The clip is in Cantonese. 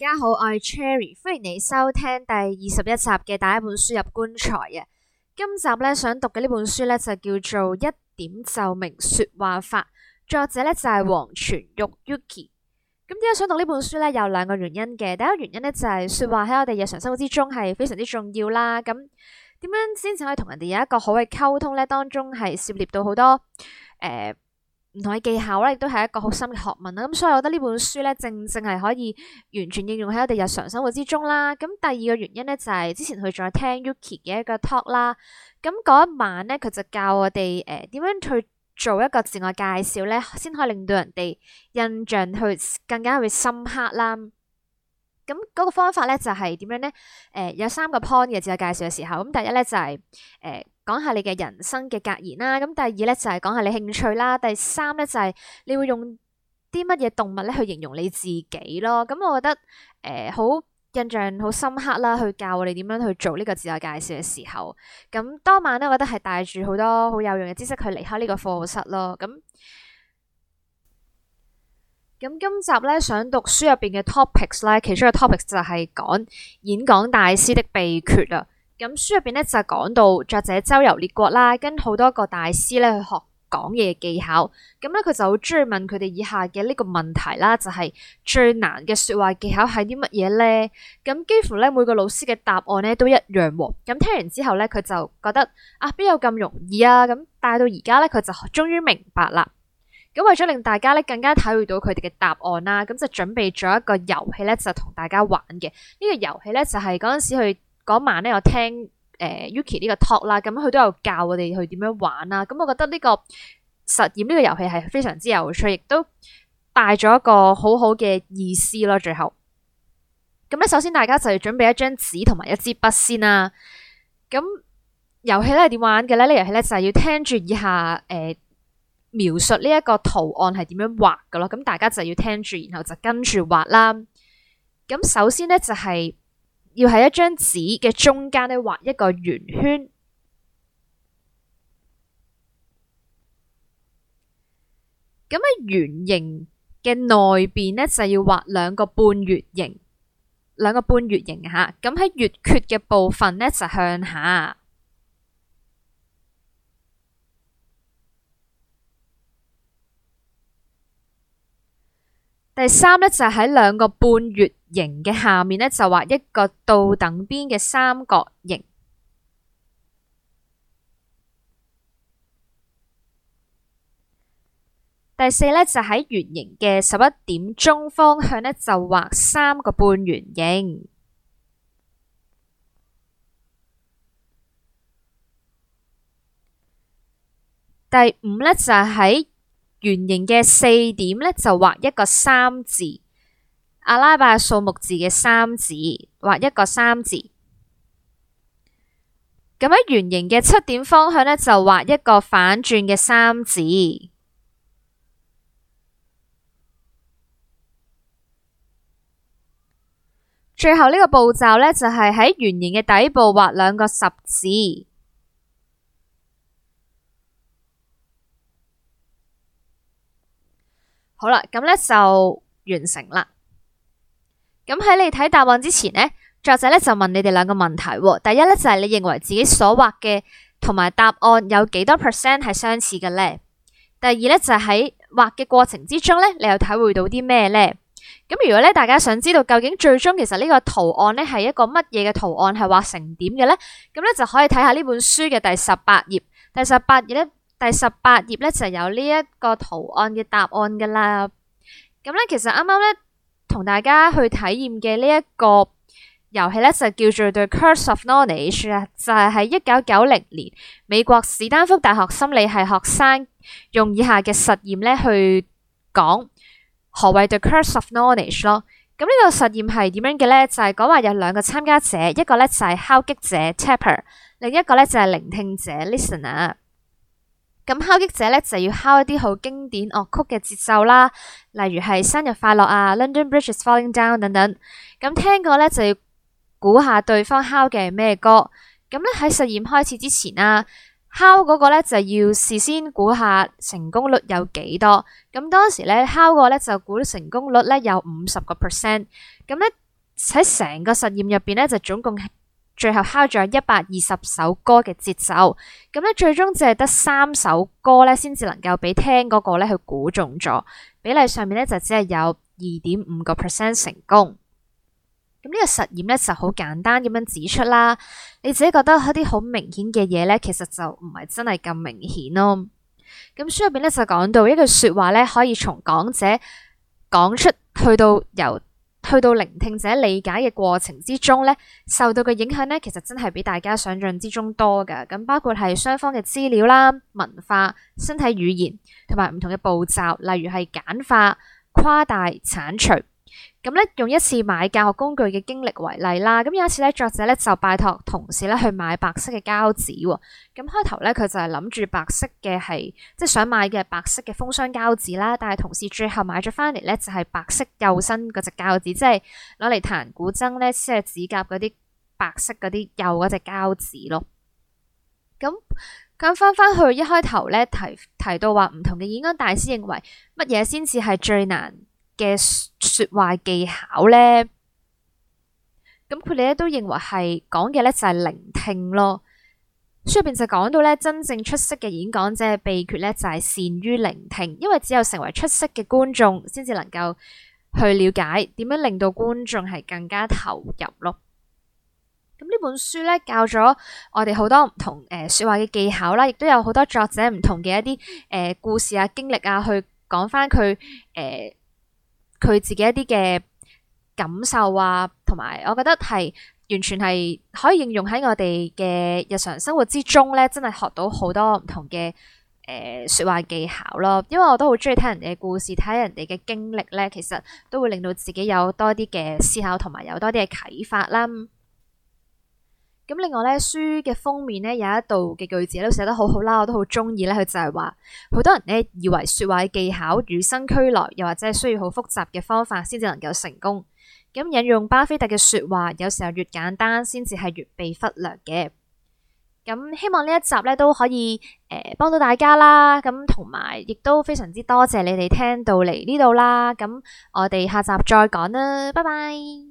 大家好，我係 Cherry，歡迎你收聽第二十一集嘅帶一本書入棺材啊。今集咧，想讀嘅呢本書咧就叫做一點就明說話法，作者咧就係黃銓玉 Yuki。咁點解想讀呢本書咧？有兩個原因嘅。第一個原因咧就係說話喺我哋日常生活之中係非常之重要啦。咁點樣先至可以同人哋有一個好嘅溝通咧？當中係涉獵到好多誒。唔同嘅技巧啦，亦都係一個好深嘅學問啦。咁所以我覺得呢本書咧，正正係可以完全應用喺我哋日常生活之中啦。咁第二個原因咧，就係之前佢仲有聽 Yuki 嘅一個 talk 啦。咁嗰一晚咧，佢就教我哋誒點樣去做一個自我介紹咧，先可以令到人哋印象去更加去深刻啦。咁嗰個方法咧就係、是、點樣咧？誒、呃，有三個 point 嘅自我介紹嘅時候，咁第一咧就係誒講下你嘅人生嘅格言啦。咁第二咧就係、是、講下你興趣啦。第三咧就係、是、你會用啲乜嘢動物咧去形容你自己咯。咁、嗯、我覺得誒好、呃、印象好深刻啦，去教我哋點樣去做呢個自我介紹嘅時候。咁、嗯、當晚咧，我覺得係帶住好多好有用嘅知識去離開呢個課室咯。咁、嗯。咁今集咧想讀書入邊嘅 topics 咧，其中嘅 topics 就係講演講大師的秘訣啦。咁書入邊咧就係講到作者周遊列國啦，跟好多個大師咧去學講嘢技巧。咁咧佢就好中意問佢哋以下嘅呢個問題啦，就係最難嘅說話技巧係啲乜嘢咧？咁幾乎咧每個老師嘅答案咧都一樣哦。咁聽完之後咧，佢就覺得啊，邊有咁容易啊？咁但係到而家咧，佢就終於明白啦。咁為咗令大家咧更加體會到佢哋嘅答案啦，咁就準備咗一個遊戲咧，就同大家玩嘅。這個、遊戲呢、就是那個遊戲咧就係嗰陣時去嗰晚咧，我聽誒、呃、Yuki 呢個 talk 啦，咁、嗯、佢都有教我哋去點樣玩啦。咁、嗯、我覺得呢、這個實驗呢個遊戲係非常之有趣，亦都帶咗一個好好嘅意思咯。最後，咁、嗯、咧首先大家就要準備一張紙同埋一支筆先啦。咁遊戲咧係點玩嘅咧？這個、遊戲呢個遊戲咧就係、是、要聽住以下誒。呃描述呢一個圖案係點樣畫嘅咯，咁大家就要聽住，然後就跟住畫啦。咁首先呢，就係要喺一張紙嘅中間呢畫一個圓圈。咁喺圓形嘅內邊呢，就要畫兩個半月形，兩個半月形啊吓。咁喺月缺嘅部分呢，就向下。第三呢，就喺、是、兩個半月形嘅下面呢，就畫一個倒等邊嘅三角形。第四呢，就喺、是、圓形嘅十一點鐘方向呢，就畫三個半圓形。第五呢，就喺、是。圓形嘅四點呢，就畫一個三字，阿拉伯數目字嘅三字，畫一個三字。咁喺圓形嘅七點方向呢，就畫一個反轉嘅三字。最後呢個步驟呢，就係喺圓形嘅底部畫兩個十字。好啦，咁咧就完成啦。咁喺你睇答案之前呢，作者咧就問你哋兩個問題，哦。第一咧就係，是，你認為自己所畫嘅同埋答案有幾多 percent 係相似嘅咧？第二咧就係，是，喺畫嘅過程之中咧，你又體會到啲咩咧？咁如果咧大家想知道究竟最終其實呢個圖案咧係一個乜嘢嘅圖案係畫成點嘅咧？咁咧就可以睇下呢本書嘅第十八頁，第十八頁咧。第十八頁咧就有呢一個圖案嘅答案噶啦。咁咧，其實啱啱咧同大家去體驗嘅呢一個遊戲咧就叫做 The Curse of Knowledge 啊，就係喺一九九零年美國史丹福大學心理系學生用以下嘅實驗咧去講何謂 The Curse of Knowledge 咯。咁呢個實驗係點樣嘅咧？就係講話有兩個參加者，一個咧就係敲擊者 Tapper，另一個咧就係聆聽者 Listener。咁敲擊者咧就要敲一啲好經典樂曲嘅節奏啦，例如係生日快樂啊、London Bridge is Falling Down 等等。咁聽過咧就要估下對方敲嘅係咩歌。咁咧喺實驗開始之前啦，敲嗰個咧就要事先估下成功率有幾多。咁當時咧敲個咧就估成功率咧有五十個 percent。咁咧喺成個實驗入邊咧就總共。最後敲咗一百二十首歌嘅節奏，咁咧最終淨係得三首歌咧，先至能夠俾聽嗰個咧，去估中咗。比例上面咧就只係有二點五個 percent 成功。咁呢個實驗咧就好簡單咁樣指出啦，你自己覺得一啲好明顯嘅嘢咧，其實就唔係真係咁明顯咯。咁書入邊咧就講到一句說話咧，可以從講者講出去到由。去到聆聽者理解嘅過程之中呢，受到嘅影響呢，其實真係比大家想象之中多㗎。咁包括係雙方嘅資料啦、文化、身體語言同埋唔同嘅步驟，例如係簡化、誇大、鏟除。咁咧，用一次買教學工具嘅經歷為例啦。咁有一次咧，作者咧就拜託同事咧去買白色嘅膠紙。咁開頭咧，佢就係諗住白色嘅係，即係想買嘅白色嘅封箱膠紙啦。但係同事最後買咗翻嚟咧，就係白色幼身嗰隻膠紙，即係攞嚟彈古箏咧，即係指甲嗰啲白色嗰啲幼嗰隻膠紙咯。咁咁翻翻去一開頭咧提提到話唔同嘅演講大師認為乜嘢先至係最難？嘅說話技巧咧，咁佢哋咧都認為係講嘅咧就係聆聽咯。書入邊就講到咧，真正出色嘅演講者嘅秘訣咧就係、是、善於聆聽，因為只有成為出色嘅觀眾，先至能夠去了解點樣令到觀眾係更加投入咯。咁呢本書咧教咗我哋好多唔同誒、呃、說話嘅技巧啦，亦都有好多作者唔同嘅一啲誒、呃、故事啊經歷啊去講翻佢誒。呃佢自己一啲嘅感受啊，同埋我覺得係完全係可以應用喺我哋嘅日常生活之中咧，真係學到好多唔同嘅誒、呃、說話技巧咯。因為我都好中意聽人哋嘅故事，睇人哋嘅經歷咧，其實都會令到自己有多啲嘅思考，同埋有，有多啲嘅啟發啦。咁另外咧，書嘅封面咧，有一度嘅句子都寫得好好啦，我都好中意咧。佢就係話，好多人咧以為說話技巧與生俱來，又或者係需要好複雜嘅方法先至能夠成功。咁引用巴菲特嘅說話，有時候越簡單先至係越被忽略嘅。咁希望呢一集咧都可以誒幫到大家啦。咁同埋亦都非常之多謝你哋聽到嚟呢度啦。咁我哋下集再講啦，拜拜。